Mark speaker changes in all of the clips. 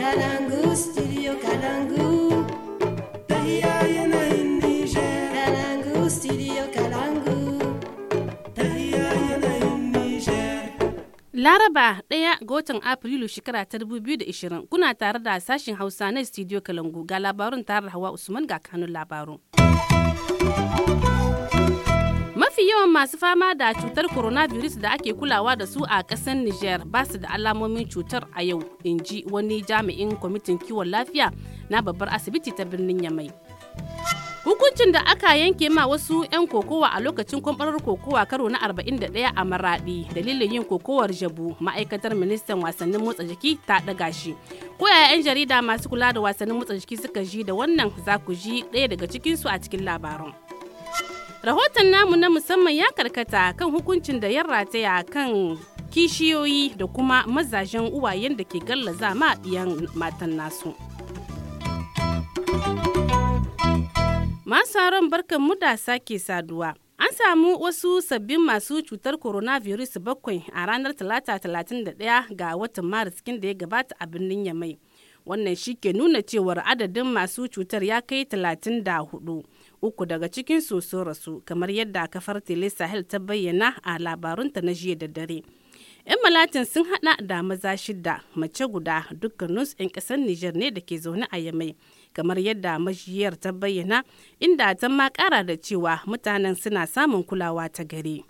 Speaker 1: Kalangu,
Speaker 2: Laraba ɗaya ga watan Afrilu shekara ta 2020 kuna tare da sashen Hausa na studio Kalangu ga labarun tare da Hawa Usman ga kanun labaru Mafi yawan masu fama da cutar coronavirus da ake kulawa da su a ƙasar Nijar ba su da alamomin cutar a yau, in ji wani jami'in kwamitin kiwon lafiya na babbar asibiti ta birnin Yamai. Hukuncin da aka yanke ma wasu 'yan kokowa a lokacin kwamfarar kokowa karo na 41 a Maradi dalilin yin kokowar jabu ma'aikatar ministan wasannin motsa jiki ta ɗaga shi. Koyaya 'yan jarida masu kula da wasannin motsa jiki suka ji da wannan za ku ji ɗaya daga cikinsu a cikin labaran. Rahoton namu na musamman ya karkata kan hukuncin da ya rataya kan kishiyoyi da kuma mazajen uwayen da ke gallaza ma biyan matan nasu. Masu haron barkan mu da sake saduwa. An samu wasu sabbin masu cutar coronavirus bakwai a ranar talata talatin da 31 ga watan Maris da ya gabata a birnin Yamai. Wannan shi ke nuna cewar adadin masu cutar ya kai talatin da 34. uku daga cikin su sun rasu kamar yadda kafar tele sahel ta bayyana a labarunta na jiya da dare yan malatin sun hada da maza shida mace guda dukkaninsu 'yan kasar nijar ne da ke zaune a yamai kamar yadda majiyar ta bayyana inda ta ma kara da cewa mutanen suna samun kulawa ta gari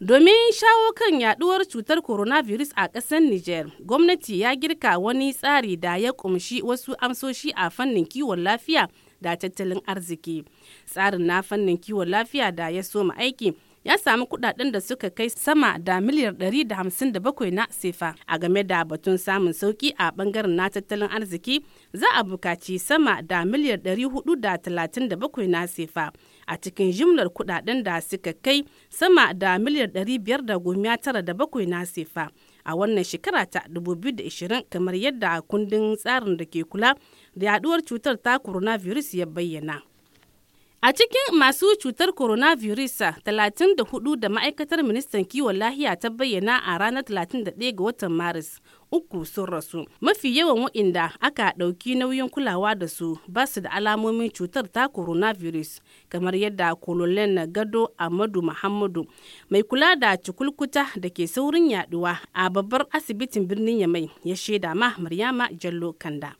Speaker 2: Domin shawo kan yaduwar cutar coronavirus a ƙasar Niger, gwamnati ya girka wani tsari da ya kumshi wasu amsoshi a fannin kiwon lafiya da tattalin arziki tsarin na fannin kiwon lafiya da ya soma aiki ya samu kudaden da suka kai sama da miliyar 157 na sefa a game da batun samun sauki a bangaren na tattalin arziki za a bukaci sama da miliyar 437 na sefa a cikin jimlar kudaden da suka kai sama da miliyar 597 na sefa a wannan shekara ta 2020 kamar yadda kundin tsarin da ke kula da yaduwar cutar ta coronavirus ya bayyana. A cikin masu cutar coronavirus 34 da ma'aikatar ministan kiwon lahiya ta bayyana a ranar 31 ga watan Maris, uku sun rasu. Mafi yawan waɗanda aka ɗauki nauyin kulawa da su ba su da alamomin cutar ta coronavirus, kamar yadda Kololen na gado amadu Muhammadu, mai kula da cikulkuta da ke saurin yaduwa a babbar asibitin birnin Yamai, ya shaida ma Maryama Jallo Kanda.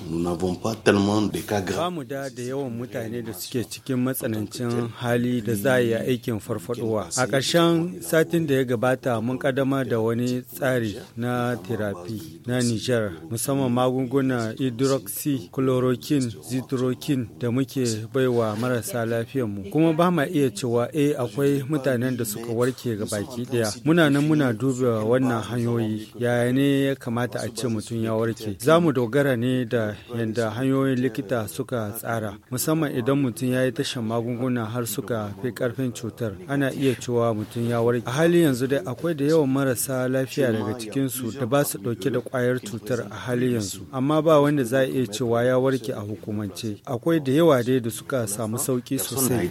Speaker 1: Ba mu da da yawan mutane da suke cikin matsanancin hali da za a yi aikin farfadowa. A ƙarshen satin da ya gabata mun ƙadama da wani tsari na terapi na Nijar, musamman magunguna hydroxychloroquine chloroquine, zitroquine da muke baiwa marasa lafiyar mu Kuma ba ma iya cewa eh akwai mutanen da suka warke ga baki ɗaya. Muna nan muna duba wannan hanyoyi, yaya ne ya kamata a ce mutum ya warke. Za mu dogara ne da yanda yadda hanyoyin likita suka tsara musamman idan mutum ya yi tashin magunguna har suka fi karfin cutar ana iya cewa mutum ya warke a hali yanzu dai akwai da yawan marasa lafiya daga cikinsu da ba su dauke da kwayar cutar a hali yanzu amma ba wanda za a iya cewa ya warke a hukumance akwai da yawa dai da suka samu sauki sosai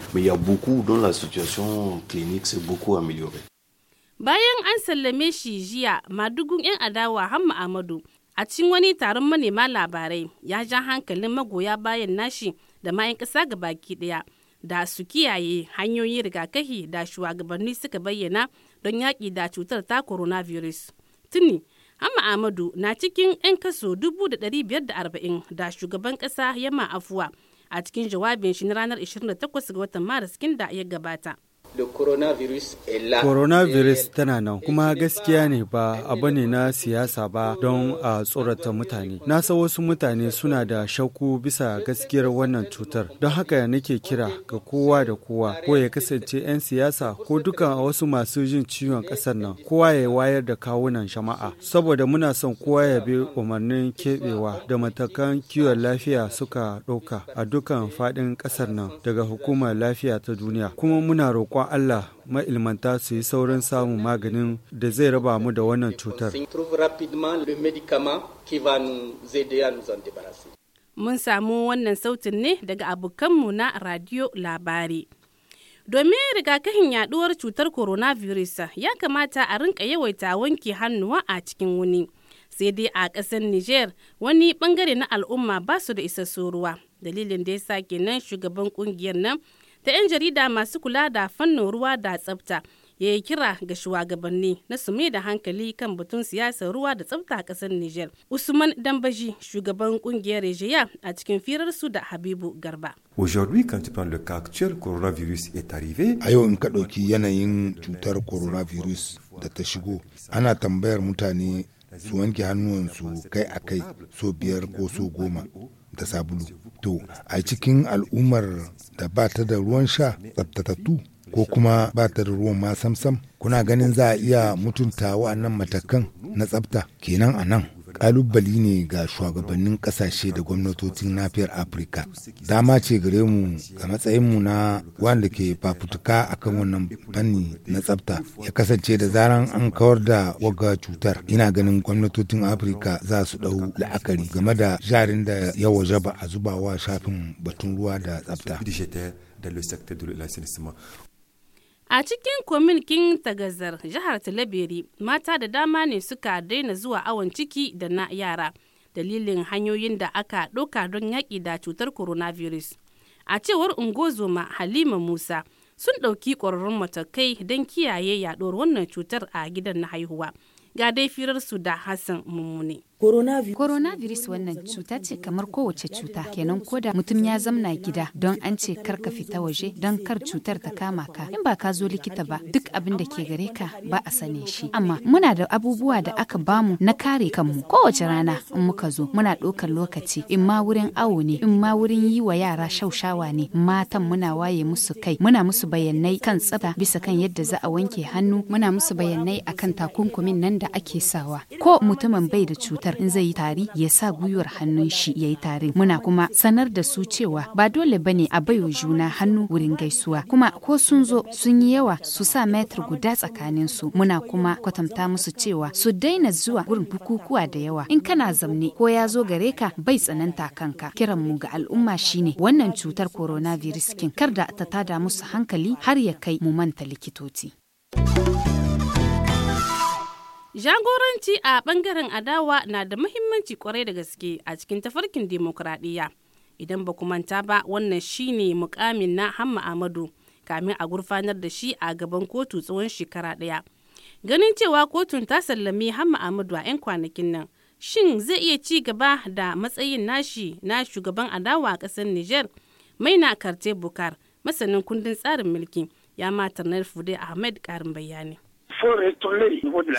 Speaker 2: Bayan an sallame shi jiya, madugun 'yan adawa Hamma Amadu a cikin wani taron manema labarai ya ja hankalin magoya bayan nashi da mayan ƙasa ga baki ɗaya da su kiyaye hanyoyi rigakafi da shugabanni suka bayyana don yaƙi da cutar ta coronavirus tuni amma amadu na cikin 'yan kaso 540 da shugaban ƙasa yamma afuwa a cikin jawabin shi na ranar 28 ga watan maris kin da ya gabata
Speaker 3: coronavirus
Speaker 1: coronavirus tana nan kuma gaskiya ne ba abu ne na siyasa ba don a tsorata mutane na san wasu mutane suna da shakku bisa gaskiyar wannan cutar don haka nake kira ga kowa da kowa ko ya kasance 'yan siyasa ko dukan wasu masu jin ciwon kasar nan kowa ya wayar da kawunan jama'a saboda muna son kowa ya bi umarnin keɓewa da matakan kiwon lafiya suka ɗauka a dukan faɗin ƙasar nan daga hukumar lafiya ta duniya kuma muna roƙon roƙon Allah ma'ilmanta su yi saurin samun maganin da zai raba mu da wannan cutar.
Speaker 2: Mun samu wannan sautin ne daga abokanmu na radio labari. Domin rigakafin yaduwar cutar coronavirus ya kamata a rinka yawaita wanke hannuwa a cikin wuni. Sai dai a ƙasar Niger wani bangare na al'umma ba su da isassun ruwa. Dalilin da ya sa kenan shugaban ƙungiyar nan ta 'yan jarida masu kula da fannin ruwa da tsabta ya yi kira ga shugabanni na su mai da hankali kan batun siyasar ruwa da tsabta a ƙasar Nijar. Usman Dambaji, shugaban kungiyar Rejiya a cikin firarsu da Habibu Garba.
Speaker 1: Aujourd'hui, quand tu prends le cas actuel, coronavirus est arrivé. A yau in ka ɗauki yanayin cutar coronavirus da ta shigo, ana tambayar mutane su wanke hannuwansu kai a kai so biyar ko so goma da sabulu. To, a cikin al'ummar da ba ta da ruwan sha tsaftatattu ko kuma ba ta da ruwan masamsam kuna ganin za a iya mutunta wa'annan matakan na tsafta kenan a nan. kalubali ne ga shugabannin kasashe da gwamnatocin nafiyar afirka dama ce gare mu ga matsayin mu na wanda ke fafutuka a kan wannan fanni na tsafta ya kasance da zaran an kawar da waga cutar ina ganin gwamnatocin afirka za su dau la'akari game da jarin da ya waje ba a zubawa shafin batun ruwa da tsafta
Speaker 2: A cikin kin tagazar jihar Talabiri mata da dama ne suka daina zuwa awon ciki da na yara dalilin hanyoyin da aka ɗauka don yaƙi da cutar coronavirus. A cewar ungozoma Halima Musa sun ɗauki ƙwararrun matakai don kiyaye yaɗuwar wannan cutar a gidan na haihuwa. Ga dai su da Hassan Mummune.
Speaker 4: Coronavirus, wannan cuta ce kamar kowace cuta kenan koda, mutum ya zamna gida don an ce kar ka fita waje don kar cutar ta kama ka in ba ka zo likita ba duk abin da ke gare ka ba a sane shi amma muna da abubuwa da aka bamu na kare kanmu kowace rana in muka zo muna ɗaukar lokaci in ma wurin awo ne in ma wurin yi wa yara shaushawa ne matan muna waye musu kai muna musu bayanai kan tsada. bisa kan yadda za a wanke hannu muna musu bayanai akan takunkumin nan da ake sawa ko mutumin bai da cutar in zai yi tari ya sa gwiwar hannun shi ya yi tarin muna kuma sanar da su cewa ba dole ba ne a baiwa juna hannu wurin gaisuwa kuma ko sun zo sun yi yawa su sa metri guda tsakanin su muna kuma kwatanta musu cewa su daina zuwa wurin bukukuwa da yawa in kana zamne ko ya zo gare ka bai tsananta kanka kiran mu ga al'umma shine wannan cutar coronavirus kin kar da ta tada musu hankali har ya kai mu manta likitoci
Speaker 2: Jagoranci a bangaren adawa na da muhimmanci kwarai da gaske a cikin tafarkin demokradiyya. Idan ba ku manta ba wannan shine mukamin na Hamma Amadu kamin a gurfanar da shi a gaban kotu tsawon shekara ɗaya. Ganin cewa kotun ta sallame Hamma Amadu a 'yan kwanakin nan, shin zai iya ci gaba da matsayin nashi na shugaban adawa a ƙasar Nijar? Maina Karte Bukar, masanin kundin tsarin mulki, ya matar Fude Ahmed karin bayani. Eh,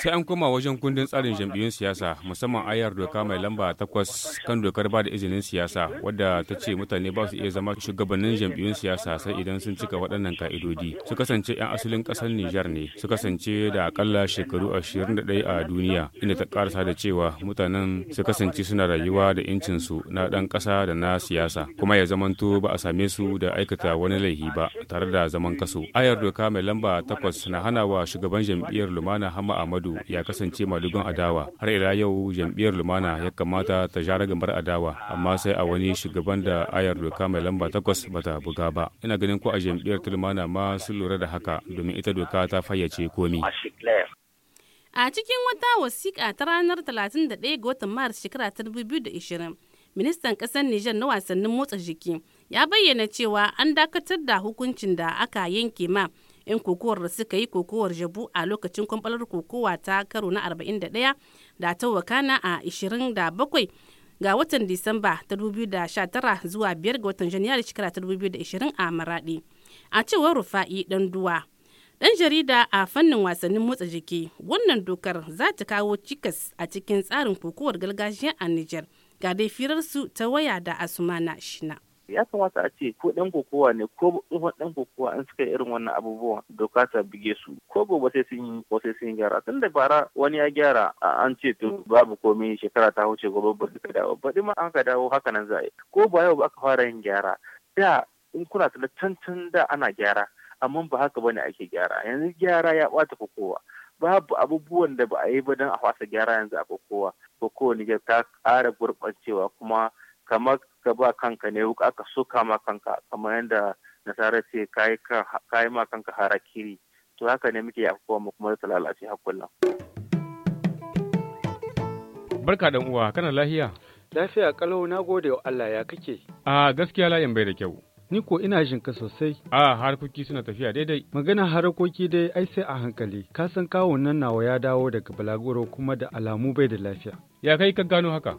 Speaker 3: sai an koma wajen kundin tsarin jam'iyyun siyasa musamman ayar doka mai lamba takwas kan dokar ba da izinin siyasa wadda ta ce mutane ba su iya zama shugabannin jam'iyyun siyasa sai idan sun cika waɗannan ka'idodi su kasance 'yan asalin ƙasar Nijar ne su kasance da akalla shekaru ashirin da 21 a duniya inda ta ƙarasa da cewa mutanen su kasance suna rayuwa da incin su na ɗan ƙasa da na siyasa kuma ya zamanto ba a same su da aikata wani laifi ba tare da zaman kaso ayar doka mai lamba takwas na hanawa wa shugaban jam'iyyun jam'iyyar lumana hama amadu ya kasance malugan adawa har ila yau jam'iyyar lumana ya kamata ta jara gambar adawa amma sai a wani shugaban da ayar doka mai lamba takwas bata buga ba ina ganin ko a jam'iyyar lumana ma sun lura da haka domin ita doka ta fayyace komi
Speaker 2: a cikin wata wasiƙa ta ranar 31 ga watan maris shekara ta 2020 ministan ƙasar nijar na wasannin motsa jiki ya bayyana cewa an dakatar da hukuncin da aka yanke ma 'yan kokowar da suka yi kokowar jabu a lokacin kwamfalar kokowa ta karo na 41 da ta wakana a 27 ga watan disamba 2019 zuwa 5 ga watan janairu shekara ta 2020 a maradi a cewar rufa'i dan duwa dan jarida a fannin wasannin motsa jiki wannan dokar za ta kawo cikas a cikin tsarin kokowar gargajiya a niger ga dai firarsu ta waya da asumana shina ya kamata a ce
Speaker 3: ko ɗan kokowa ne ko tsohon ɗan kokowa an suka irin wannan abubuwan. doka ta bige su ko gobe sai sun yi ko sai sun gyara tun da bara wani ya gyara an ce to babu komai shekara ta wuce gobe ba ka dawo Ba ma an ka dawo haka nan za a yi ko ba yau ba aka fara yin gyara da in kuna tala can da ana gyara amma ba haka bane ake gyara yanzu gyara ya ɓata kokowa babu abubuwan da ba a yi ba don a fasa gyara yanzu a kokowa kokowa ne ta ƙara gurɓancewa kuma kamar ka ba kanka ne wuka aka suka ma kanka kamar yadda nasara ce kayi ma kanka harakiri to haka ne muke afuwa mu kuma ta lalace hakullan. Barka dan uwa kana lahiya?
Speaker 1: Lafiya kalau na gode wa Allah ya kake.
Speaker 3: A gaskiya layin bai da kyau.
Speaker 1: Ni ko ina jin ka sosai.
Speaker 3: A harkoki suna tafiya daidai.
Speaker 1: Magana harkoki dai ai sai a hankali. Ka san kawun nan nawa ya dawo daga balagoro kuma da alamu bai da lafiya.
Speaker 3: Ya kai ka gano haka?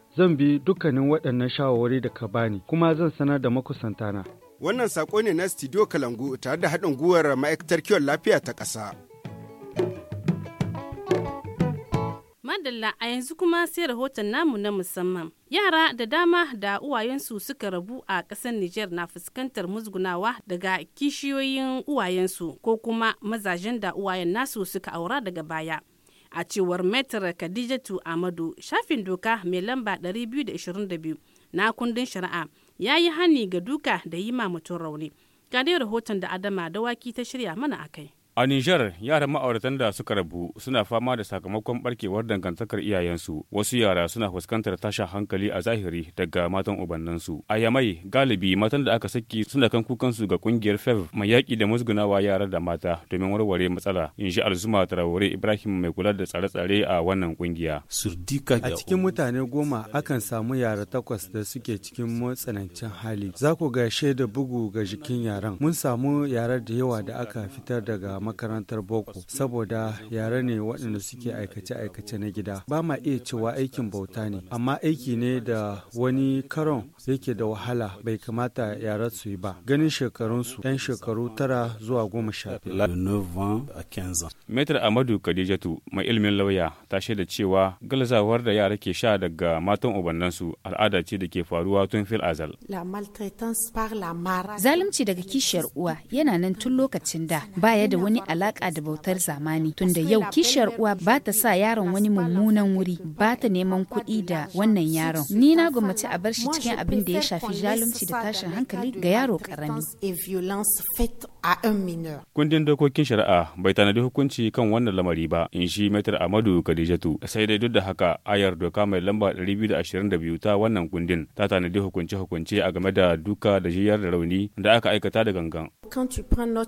Speaker 1: Zan bi dukkanin waɗannan shawarwari da ka bani kuma zan sanar da makusantana. Wannan saƙo ne na Studio Kalangu tare da haɗin gwiwar ma'aikatar kiwon lafiya ta ƙasa.
Speaker 2: Madalla a yanzu kuma sai rahoton namu na musamman. Yara da dama da uwayensu suka rabu a ƙasar Nijar na fuskantar musgunawa daga kishiyoyin uwayensu ko kuma mazajen da uwayen nasu suka aura daga baya. a cewar metar khadijatu amadu shafin doka mai lamba 222 na kundin shari'a ya yi hani ga duka da yi ma mutum rauni ga dai rahoton da adama dawaki ta shirya mana akai
Speaker 3: A Nijar, yaran ma'auratan da suka rabu suna fama da sakamakon barkewar dangantakar iyayensu. Wasu yara suna fuskantar tashin hankali a zahiri daga matan ubannansu. A Yamai, galibi matan da aka saki suna kan kukansu ga kungiyar FEV mai yaƙi da musgunawa yara da mata domin warware matsala. In ji Alzuma Traore Ibrahim mai kula da tsare-tsare a wannan kungiya. A cikin
Speaker 1: mutane goma akan samu yara takwas da suke cikin matsanancin hali. Za ku ga shaida bugu ga jikin yaran. Mun samu yara da yawa da aka fitar daga makarantar boko saboda yare ne waɗanda suke aikace-aikace na gida ba ma iya cewa aikin bauta ne amma aiki ne da wani karon yake da wahala bai kamata yara su yi ba ganin shekarunsu 'yan shekaru tara zuwa goma sha
Speaker 3: Metar Amadu kadijatu mai ilimin lauya ta shaida cewa galazawar da yara ke sha daga matan ubannansu al'ada ce da ke faruwa
Speaker 4: tun fil azal. Zalunci daga kishiyar uwa yana nan tun lokacin da baya da wani wani alaka da bautar zamani tunda yau kishiyar uwa ba ta sa yaron wani mummunan wuri ba ta neman kuɗi da wannan yaron ni na gwamnati a bar shi cikin abin da ya shafi zalunci da tashin hankali ga yaro karami
Speaker 3: kundin dokokin shari'a bai tanadi hukunci kan wannan lamari ba in shi metar amadu kadijatu sai dai duk da haka ayar doka mai lamba 222 ta wannan kundin ta tanadi hukunce-hukunce a game da duka da jiyar da rauni da aka aikata da gangan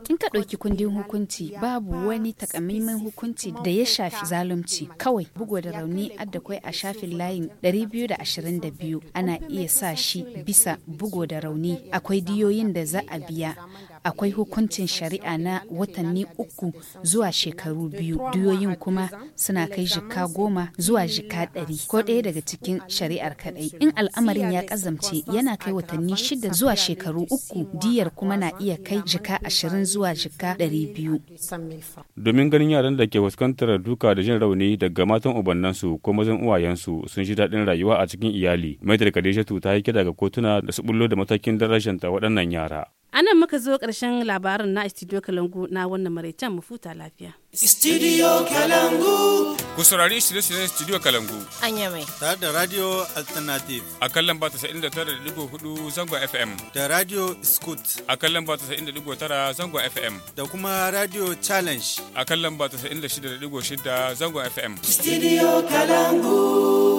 Speaker 2: in
Speaker 4: ka ɗauki kundin hukunci hukunci babu wani takamaiman hukunci da ya shafi zalunci kawai bugu da rauni addakwai a shafin layin 222 ana iya sa shi bisa bugu da rauni akwai diyoyin da za a biya akwai hukuncin shari'a na watanni uku zuwa shekaru biyu duyoyin kuma suna kai jika goma zuwa jika ɗari ko ɗaya daga cikin shari'ar kaɗai in al'amarin ya ƙazamce yana kai watanni shida zuwa shekaru uku diyar kuma na iya kai jika ashirin zuwa jika ɗari biyu
Speaker 3: domin ganin yaran da ke fuskantar duka da jin rauni daga matan ubannansu ko mazan uwayensu sun ji daɗin rayuwa a cikin iyali maitar kadishatu ta yi kira ga kotuna da su bullo da matakin darajanta waɗannan yara
Speaker 2: a nan muka zo ƙarshen labarin na studio kalangu na wannan maraicen mu futa lafiya
Speaker 3: studio kalangu ku saurari shirye-shiryen studio kalangu Anya mai tare da radio alternative a kan lamba hudu zangon fm da radio scoot a kan lamba tara zangon fm da kuma radio challenge a kan lamba shida zangon fm studio
Speaker 1: kalangu